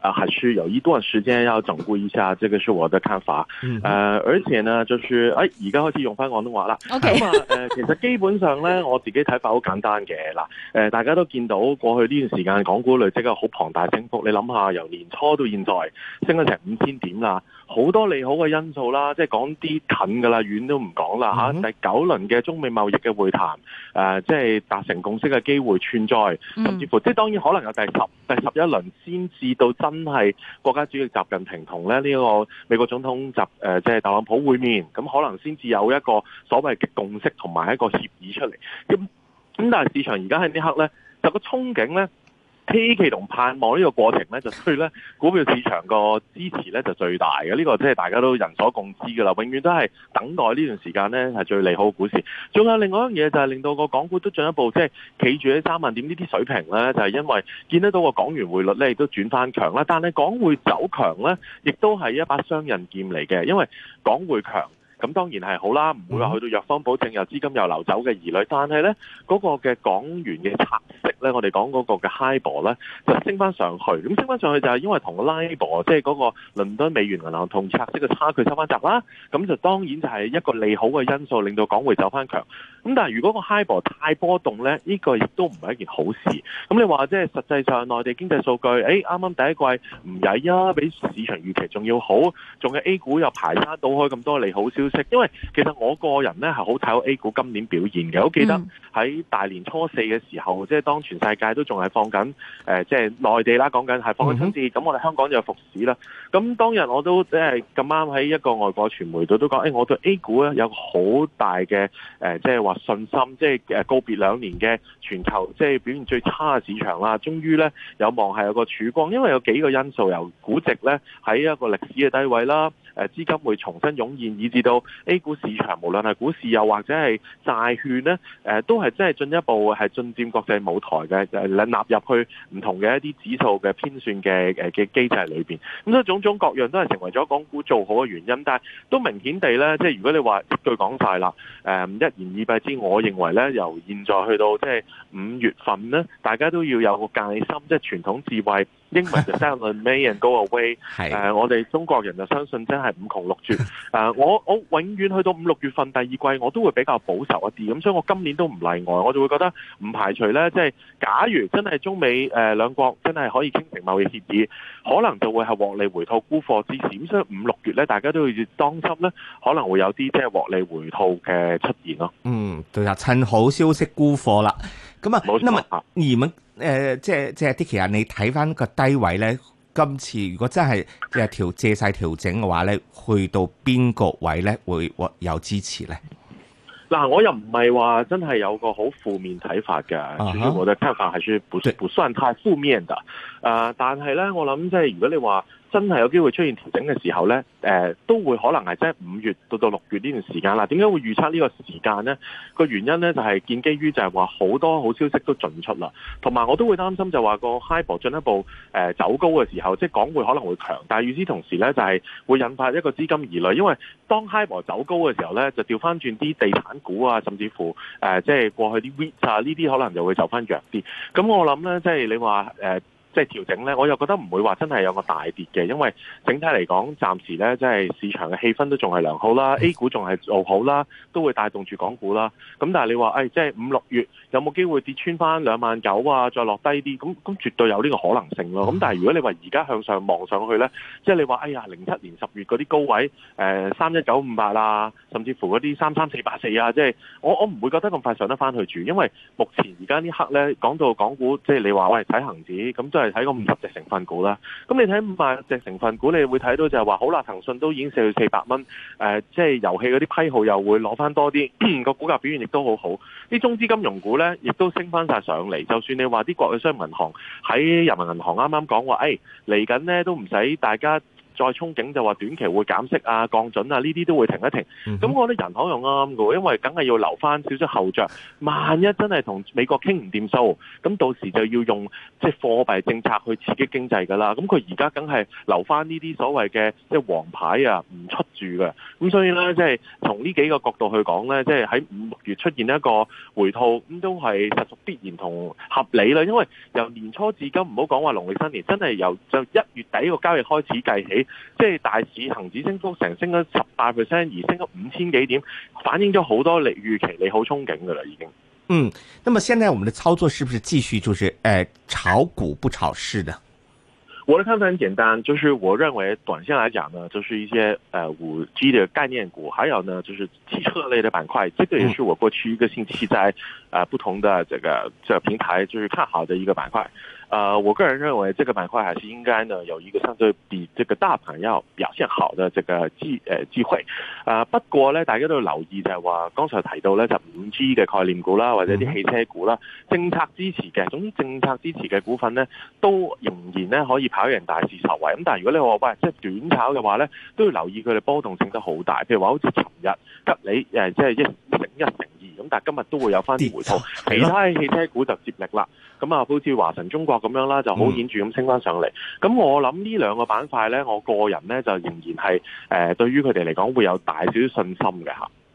啊，還由有多段時間要整固一下，即、這個是我的看法。誒、啊，而且呢，就算、是、誒，而、哎、家開始用翻廣東話啦。咁啊，其實基本上呢，我自己睇法好簡單嘅。嗱，誒，大家都見到過去呢段時間港股累積嘅好龐大升幅，你諗下由年初到現在升咗成五千點啦，好多利好嘅因素啦，即係講啲近㗎啦，遠都唔講啦吓。第九輪嘅中美貿易嘅會談，誒、啊，即係達成共識嘅機會存在，甚至乎即係當然可能有第十、mm. 第十一輪先至到真。真係國家主席習近平同咧呢個美國總統習、呃、即係特朗普會面，咁可能先至有一個所謂嘅共識同埋一個協議出嚟。咁咁但係市場而家喺呢刻呢，就個憧憬呢。希冀同盼望呢個過程咧，就所以咧，股票市場個支持咧就最大嘅。呢、這個即係大家都人所共知嘅啦。永遠都係等待呢段時間咧係最利好股市。仲有另外一樣嘢就係、是、令到個港股都進一步即係企住喺三萬點呢啲水平咧，就係、是、因為見得到個港元匯率咧亦都轉翻強啦。但係港匯走強咧，亦都係一把雙刃劍嚟嘅，因為港匯強咁當然係好啦，唔會話去到弱方保證又資金又流走嘅疑慮。但係咧嗰個嘅港元嘅拆。咧，我哋講嗰個嘅 high 博咧，就升翻上去。咁升翻上去就係因為同個 low 博，即係嗰個倫敦美元銀行同拆息嘅差距收翻窄啦。咁就當然就係一個利好嘅因素，令到港匯走翻強。咁但係如果個 high 博太波動咧，呢個亦都唔係一件好事。咁你話即係實際上內地經濟數據，誒，啱啱第一季唔曳啊，比市場預期仲要好，仲有 A 股又排山倒海咁多利好消息。因為其實我個人咧係好睇好 A 股今年表現嘅，我記得喺大年初四嘅時候，即係當。全世界都仲係放緊，誒、呃，即係內地啦，講緊係放緊春節，咁我哋香港就復市啦。咁當日我都即係咁啱喺一個外國傳媒度都講，誒、哎，我對 A 股咧有好大嘅誒，即係話信心，即係誒告別兩年嘅全球即係、就是、表現最差嘅市場啦，終於咧有望係有個曙光，因為有幾個因素，由估值咧喺一個歷史嘅低位啦。誒資金會重新湧現，以至到 A 股市場，無論係股市又或者係債券咧，誒都係真係進一步係進佔國際舞台嘅，誒納入去唔同嘅一啲指數嘅編算嘅誒嘅機制裏面，咁所以種種各樣都係成為咗港股做好嘅原因。但係都明顯地咧，即係如果你話一句講曬啦，誒一言以蔽之，我認為咧，由現在去到即係五月份咧，大家都要有個戒心，即係傳統智慧。英文就 Sell in May and go away 係我哋中國人就相信真係五窮六絕。誒、呃、我我永遠去到五六月份第二季，我都會比較保守一啲，咁、嗯、所以我今年都唔例外，我就會覺得唔排除咧，即係假如真係中美誒、呃、兩國真係可以傾成貿易協議，可能就會係獲利回吐沽貨之時。咁所以五六月咧，大家都要當心咧，可能會有啲即係獲利回吐嘅出現咯、啊。嗯，對啊，趁好消息沽貨啦。咁啊，咁啊，冇錯。誒、呃，即係即係啲，其實，你睇翻個低位咧，今次如果真係即係調借晒調整嘅話咧，去到邊個位咧會有支持咧？嗱，我又唔係話真係有個好負面睇法嘅，主要、uh huh, 我嘅睇法係算不算對不算太負面嘅。誒、呃，但係咧，我諗即係如果你話。真係有機會出現調整嘅時候呢，誒都會可能係即係五月到到六月呢段時間啦。點解會預測呢個時間呢？個原因呢，就係建基於就係話好多好消息都進出啦，同埋我都會擔心就話個 HIBOR 進一步誒走高嘅時候，即係港匯可能會強，但係與此同時呢，就係、是、會引發一個資金疑慮，因為當 HIBOR 走高嘅時候呢，就調翻轉啲地產股啊，甚至乎誒即係過去啲 REIT 啊呢啲可能就會走翻弱啲。咁我諗呢，即、就、係、是、你話誒。呃即係調整呢，我又覺得唔會話真係有個大跌嘅，因為整體嚟講，暫時呢，即係市場嘅氣氛都仲係良好啦，A 股仲係做好啦，都會帶動住港股啦。咁但係你話，誒即係五六月有冇機會跌穿翻兩萬九啊，再落低啲？咁咁絕對有呢個可能性咯。咁但係如果你話而家向上望上去呢，即係你話，哎呀，零七年十月嗰啲高位，誒三一九五八啊，甚至乎嗰啲三三四八四啊，即係我我唔會覺得咁快上得翻去住，因為目前而家呢刻呢，講到港股，即係你話係睇恒指咁你睇個五十隻成分股啦，咁你睇五百隻成分股，你會睇到就係話好啦，騰訊都已經四到四百蚊，即、呃、係、係、遊戲嗰啲批號又會攞翻多啲， 個股價表現亦都好好。啲中資金融股呢，亦都升翻曬上嚟。就算你話啲國有商業銀行喺人民銀行啱啱講話，誒、欸，嚟緊呢都唔使大家。再憧憬就話短期會減息啊、降準啊，呢啲都會停一停。咁、嗯、哼我覺得人行又啱嘅，因為梗係要留翻少少後着。萬一真係同美國傾唔掂數，咁到時就要用即係、就是、貨幣政策去刺激經濟㗎啦。咁佢而家梗係留翻呢啲所謂嘅即係黃牌啊，唔出住嘅。咁所以呢，即、就、係、是、從呢幾個角度去講呢，即係喺五六月出現一個回吐，咁都係實屬必然同合理啦。因為由年初至今，唔好講話農曆新年，真係由就一月底個交易開始計起。即係大市恒指升幅成升咗十八 percent，而升咗五千幾點，反映咗好多你預期你好憧憬噶啦，已經。嗯，那麼現在我們的操作是不是繼續就是誒、呃，炒股不炒市呢？我的看法很簡單，就是我認為短線來講呢，就是一些呃五 G 的概念股，還有呢就是汽車類的板塊，這個也是我過去一個星期在啊、呃、不同的這個這平台就是看好的一個板塊。啊、呃，我個人認為即個板塊還是應該呢有一個相對比即個大盤要表現好的即個機誒機會。不過咧大家都要留意就係話，剛才提到咧就五 G 嘅概念股啦，或者啲汽車股啦，政策支持嘅總之政策支持嘅股份呢，都仍然咧可以跑贏大市十圍。咁但係如果你話喂即係短炒嘅話咧，都要留意佢哋波動性得好大。譬如話好似尋日吉利誒即係一升一成二，咁但係今日都會有翻啲回吐。其他汽車股就接力啦。咁啊，好似華晨中國。咁、嗯、樣啦，就好顯著咁升翻上嚟。咁我諗呢兩個板塊呢，我個人呢就仍然係誒、呃，對於佢哋嚟講會有大少少信心嘅。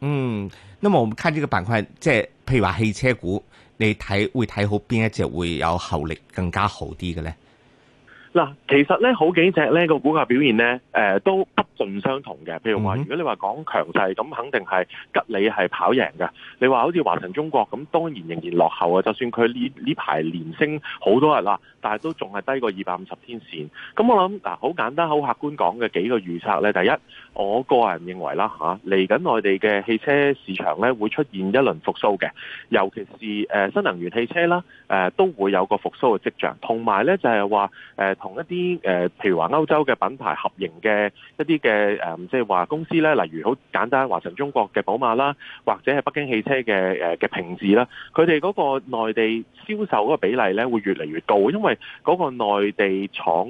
嗯，咁我唔睇呢個板塊，即係譬如話汽車股，你睇會睇好邊一隻會有後力更加好啲嘅呢？嗱，其實咧好幾隻咧、嗰個股價表現咧，誒、呃、都不盡相同嘅。譬如話，如果你話講強勢咁，肯定係吉利係跑贏嘅。你話好似華晨中國咁，當然仍然落後啊。就算佢呢呢排連升好多日啦，但係都仲係低過二百五十天線。咁我諗嗱，好、啊、簡單、好客觀講嘅幾個預測咧。第一，我個人認為啦嚇，嚟緊內地嘅汽車市場咧會出現一輪復甦嘅，尤其是誒、呃、新能源汽車啦，誒、呃、都會有個復甦嘅跡象。同埋咧就係話誒，呃同一啲誒，譬如話歐洲嘅品牌合營嘅一啲嘅誒，即係話公司咧，例如好簡單華晨中國嘅寶馬啦，或者係北京汽車嘅誒嘅平治啦，佢哋嗰個內地銷售嗰個比例咧會越嚟越高，因為嗰個內地廠。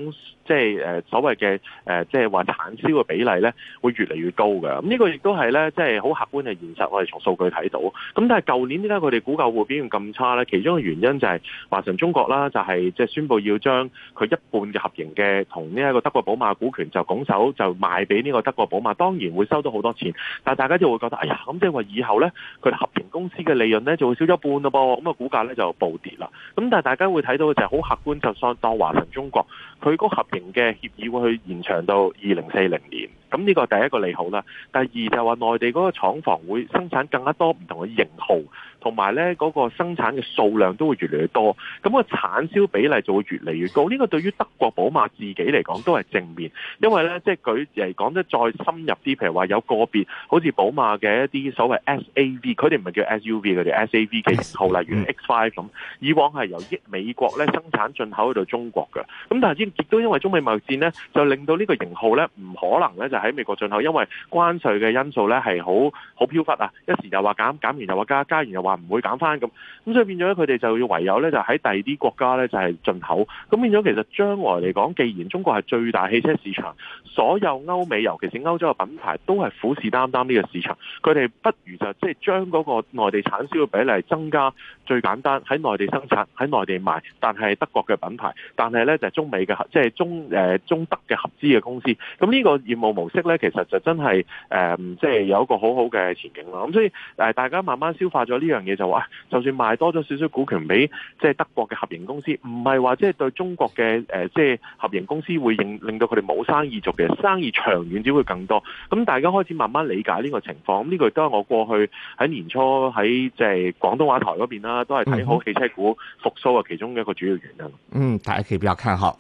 即係誒所謂嘅誒，即係話產銷嘅比例咧，會越嚟越高嘅。咁、這、呢個亦都係咧，即係好客觀嘅現實。我哋從數據睇到。咁但係舊年點解佢哋股價會表現咁差咧？其中嘅原因就係華晨中國啦，就係即係宣布要將佢一半嘅合營嘅同呢一個德國寶馬股權就拱手就賣俾呢個德國寶馬。當然會收到好多錢，但係大家就會覺得，哎呀，咁即係話以後咧，佢合營公司嘅利潤咧就會少咗一半了咯噃。咁啊，股價咧就暴跌啦。咁但係大家會睇到就係、是、好客觀，就相當華晨中國佢嗰合嘅協議會去延長到二零四零年，咁呢個第一個利好啦。第二就係話內地嗰個廠房會生產更加多唔同嘅型號。同埋咧，嗰個生產嘅數量都會越嚟越多，咁個產銷比例就會越嚟越高。呢個對於德國寶馬自己嚟講都係正面，因為咧，即係佢嚟講得再深入啲，譬如話有個別好似寶馬嘅一啲所謂 SUV，佢哋唔係叫 SUV，佢哋 SUV 嘅型號，例如 X5 咁。以往係由於美國咧生產進口去到中國嘅，咁但係亦都因為中美貿易戰咧，就令到呢個型號咧唔可能咧就喺美國進口，因為關稅嘅因素咧係好好飄忽啊，一時又話減減完，又話加加完，又話。唔會減翻，咁，咁所以變咗咧，佢哋就要唯有咧，就喺第二啲國家咧，就係進口。咁變咗其實將來嚟講，既然中國係最大汽車市場，所有歐美尤其是歐洲嘅品牌都係虎視眈眈呢個市場。佢哋不如就即係將嗰個內地產銷嘅比例增加，最簡單喺內地生產，喺內地賣。但係德國嘅品牌，但係咧就係中美嘅合即係中誒中德嘅合資嘅公司。咁呢個業務模式咧，其實就真係誒，即、嗯、係、就是、有一個好好嘅前景啦。咁所以誒，大家慢慢消化咗呢樣。樣嘢就話，就算賣多咗少少股權俾即係德國嘅合營公司，唔係話即係對中國嘅誒即係合營公司會令到佢哋冇生意做嘅，生意長遠只會更多。咁大家開始慢慢理解呢個情況。咁呢個亦都係我過去喺年初喺即係廣東話台嗰邊啦，都係睇好汽車股復甦嘅其中嘅一個主要原因。嗯，大家可以比較看下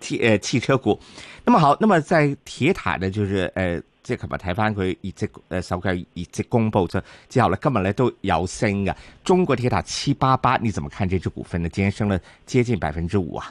汽誒、呃、汽車股。咁好，咁麼在鐵塔呢，就係誒。呃即係琴日睇返佢業績，誒首季業績公佈咗之後咧，今日咧都有升㗎。中國鐵塔七八八，你點樣看呢支股份呢？今日升咗接近百分之五啊！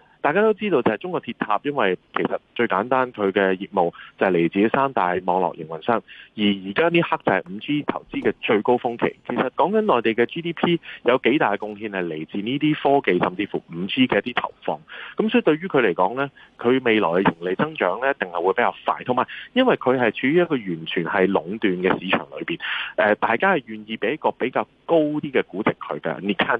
大家都知道，就係中國鐵塔，因為其實最簡單，佢嘅業務就係嚟自三大網絡營運商。而而家呢刻就係五 G 投資嘅最高峰期。其實講緊內地嘅 GDP 有幾大嘅貢獻係嚟自呢啲科技，甚至乎五 G 嘅一啲投放。咁所以對於佢嚟講呢，佢未來嘅盈利增長呢，定係會比較快。同埋，因為佢係處於一個完全係壟斷嘅市場裏邊，誒，大家係願意俾一個比較高啲嘅估值佢嘅。你看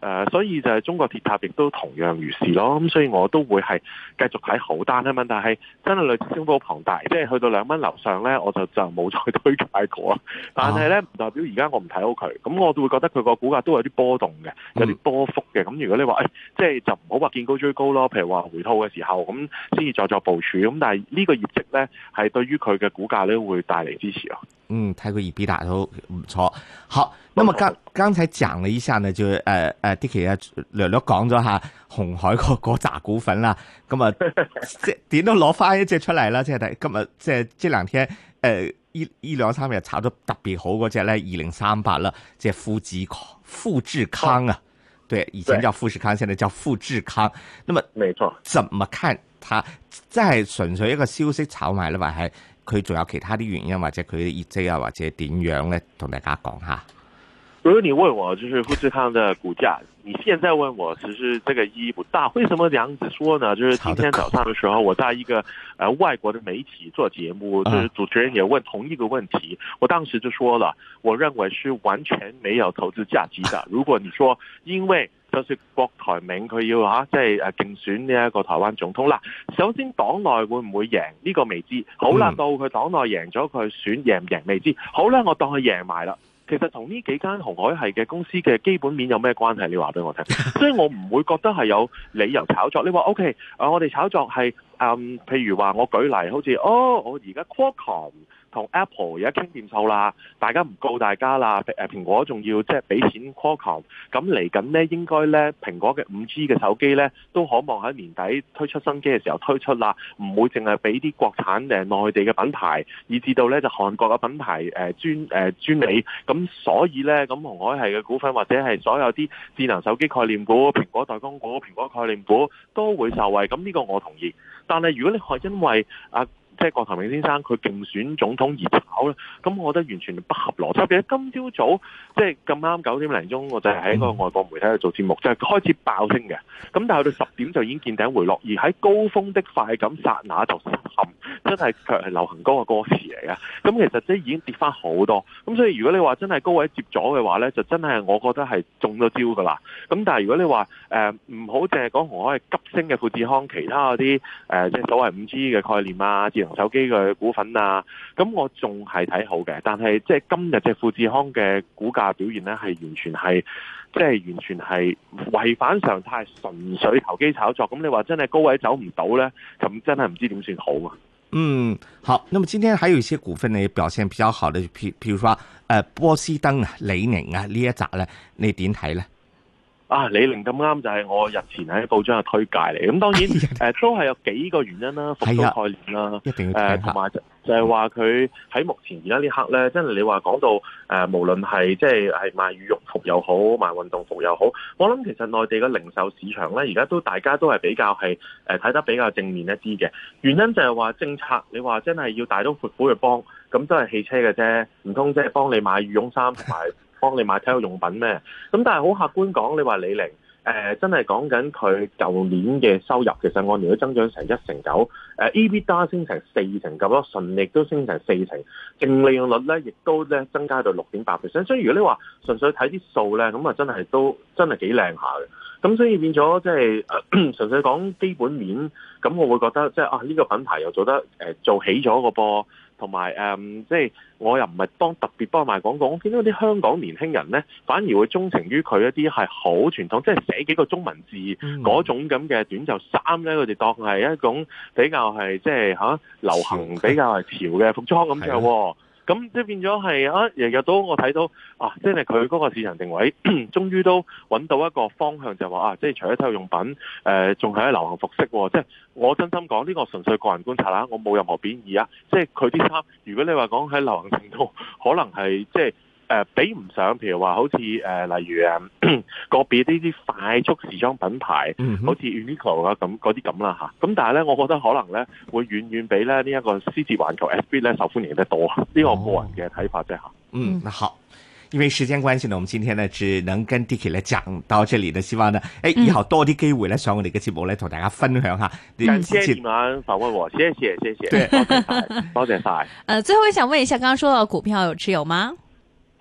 誒，所以就係中國鐵塔亦都同樣如是咯。咁所以我都會係繼續睇好單啦。問但係真係類似升幅好龐大，即係去到兩蚊樓上咧，我就就冇再推介過。但係咧，唔代表而家我唔睇好佢。咁我都會覺得佢個股價都有啲波動嘅，有啲波幅嘅。咁、嗯、如果你話誒，即、哎、係就唔好話見高追高咯。譬如話回吐嘅時候，咁先至再作部署。咁但係呢個業績咧，係對於佢嘅股價咧會帶嚟支持咯。嗯，睇佢 EBITDA 都唔錯。好。咁啊，剛剛才講了一下呢，就誒誒，Dicky 略略講咗下紅海個嗰隻股份啦。咁啊，即係點都攞翻一隻出嚟啦。即係第今日即係即兩天誒，呢呢兩三日炒得特別好嗰隻咧，二零三八啦，即係富智康富智康啊，哦、對，以前叫富士康，現在叫富智康。咁、哦、那麼，沒錯，怎麼看它？他純粹一個消息炒埋咧，話係佢仲有其他啲原因，或者佢嘅業績啊，或者點樣咧，同大家講下。如果你問我就是富士康的股價，你現在問我其實這個意義不大。為什麼這樣子說呢？就是今天早上的時候，我在一個呃外國的媒體做節目，就是主持人也問同一個問題，啊、我當時就說了，我認為是完全沒有投資價值的。如果你說因為就是郭台銘，佢要啊即係誒競選呢一個台灣總統啦，首先黨內會唔會贏？呢個未知。好啦，到佢黨內贏咗，佢選贏唔贏未知。好啦，我當佢贏埋啦。其實同呢幾間紅海系嘅公司嘅基本面有咩關係？你話俾我聽， 所以我唔會覺得係有理由炒作。你話 OK？啊，我哋炒作係誒、嗯，譬如話我舉例，好似哦，我而家 Qualcomm。.同 Apple 而家傾掂數啦，大家唔告大家啦，蘋果仲要即係畀錢 Qualcomm，咁嚟緊呢，應該呢，蘋果嘅五 G 嘅手機呢，都可望喺年底推出新機嘅時候推出啦，唔會淨係俾啲國產誒內地嘅品牌，以至到呢就韓國嘅品牌誒專誒專利。咁所以呢，咁紅海系嘅股份或者係所有啲智能手機概念股、蘋果代工股、蘋果概念股都會受惠，咁呢個我同意。但係如果你係因為啊，即係郭台銘先生佢競選總統而炒咧，咁我覺得完全不合邏輯。特別今朝早，早，即係咁啱九點零鐘，我就係喺個個外國媒體度做節目，就係、是、開始爆升嘅。咁但係到十點就已經見頂回落，而喺高峰的快感剎那就失陷，陷，真係確係流行歌嘅歌詞嚟嘅。咁其實即係已經跌翻好多。咁所以如果你話真係高位接咗嘅話呢，就真係我覺得係中咗招噶啦。咁但係如果你話誒唔好淨係講紅海急升嘅富士康，其他嗰啲、呃、即係所謂五 G 嘅概念啊，手機嘅股份啊，咁我仲係睇好嘅，但係即係今日嘅富士康嘅股價表現咧，係完全係即係完全係違反常態，純粹投機炒作。咁你話真係高位走唔到咧，咁真係唔知點算好啊？嗯，好。咁啊，今天還有一些股份咧表現比較好咧，譬譬如話誒、呃、波司登啊、李寧啊呢一扎咧，你點睇呢？啊，李寧咁啱就係、是、我日前喺報章嘅推介嚟，咁當然、哎呀呃、都係有幾個原因啦，復甦概念啦，誒同埋就係話佢喺目前而家呢刻咧，嗯、真係你話講到誒、呃，無論係即係係賣羽絨服又好，賣運動服又好，我諗其實內地嘅零售市場咧，而家都大家都係比較係睇、呃、得比較正面一啲嘅，原因就係話政策，你話真係要大刀闊斧去幫，咁都係汽車嘅啫，唔通即係幫你買羽絨衫同埋。幫你買體育用品咩？咁但係好客觀講，你話李寧誒、呃、真係講緊佢舊年嘅收入，其實按年都增長成一成九，誒 EBITDA 升成四成咁多，純利都升成四成，淨利潤率咧亦都咧增加到六點八 percent。所以如果你話純粹睇啲數咧，咁啊真係都真係幾靚下嘅。咁所以變咗即係純粹講基本面，咁我會覺得即係、即係、啊呢、呢個品牌又做得、呃、做起咗個波。同埋誒，即係我又唔係當特別幫幫賣廣告，見到啲香港年輕人咧，反而會鍾情於佢一啲係好傳統，即係寫幾個中文字嗰、嗯、種咁嘅短袖衫咧，佢哋當係一種比較係即係嚇、啊、流行、比較係潮嘅服裝咁樣。咁即係變咗係啊，日日都我睇到啊，即係佢嗰個市場定位，終於都揾到一個方向，就話、是、啊，即、就、係、是、除咗體育用品，誒仲係流行服飾喎。即、啊、係、就是、我真心講，呢、這個純粹個人觀察啦，我冇任何貶義啊。即係佢啲衫，如果你話講喺流行程度，可能係即係。就是誒、呃，比唔上，譬如話，好似誒，例如誒，個別呢啲快速時裝品牌，好似 Uniqlo 啊，咁嗰啲咁啦吓。咁但係咧，我覺得可能咧，會遠遠比咧呢一、這個思捷環球 FB 咧受歡迎得多啊！呢、這個個人嘅睇法啫吓、哦。嗯，好，因為時間關係呢，我們今天呢只能跟 Dicky 嚟講到這裏啦。希望呢，誒、欸，以後多啲機會咧，上我哋嘅節目咧，同大家分享下。嗯、你感謝訪問我，謝謝謝謝，多謝晒對，多謝晒 誒、呃，最後想問一下，剛剛說到股票，有持有嗎？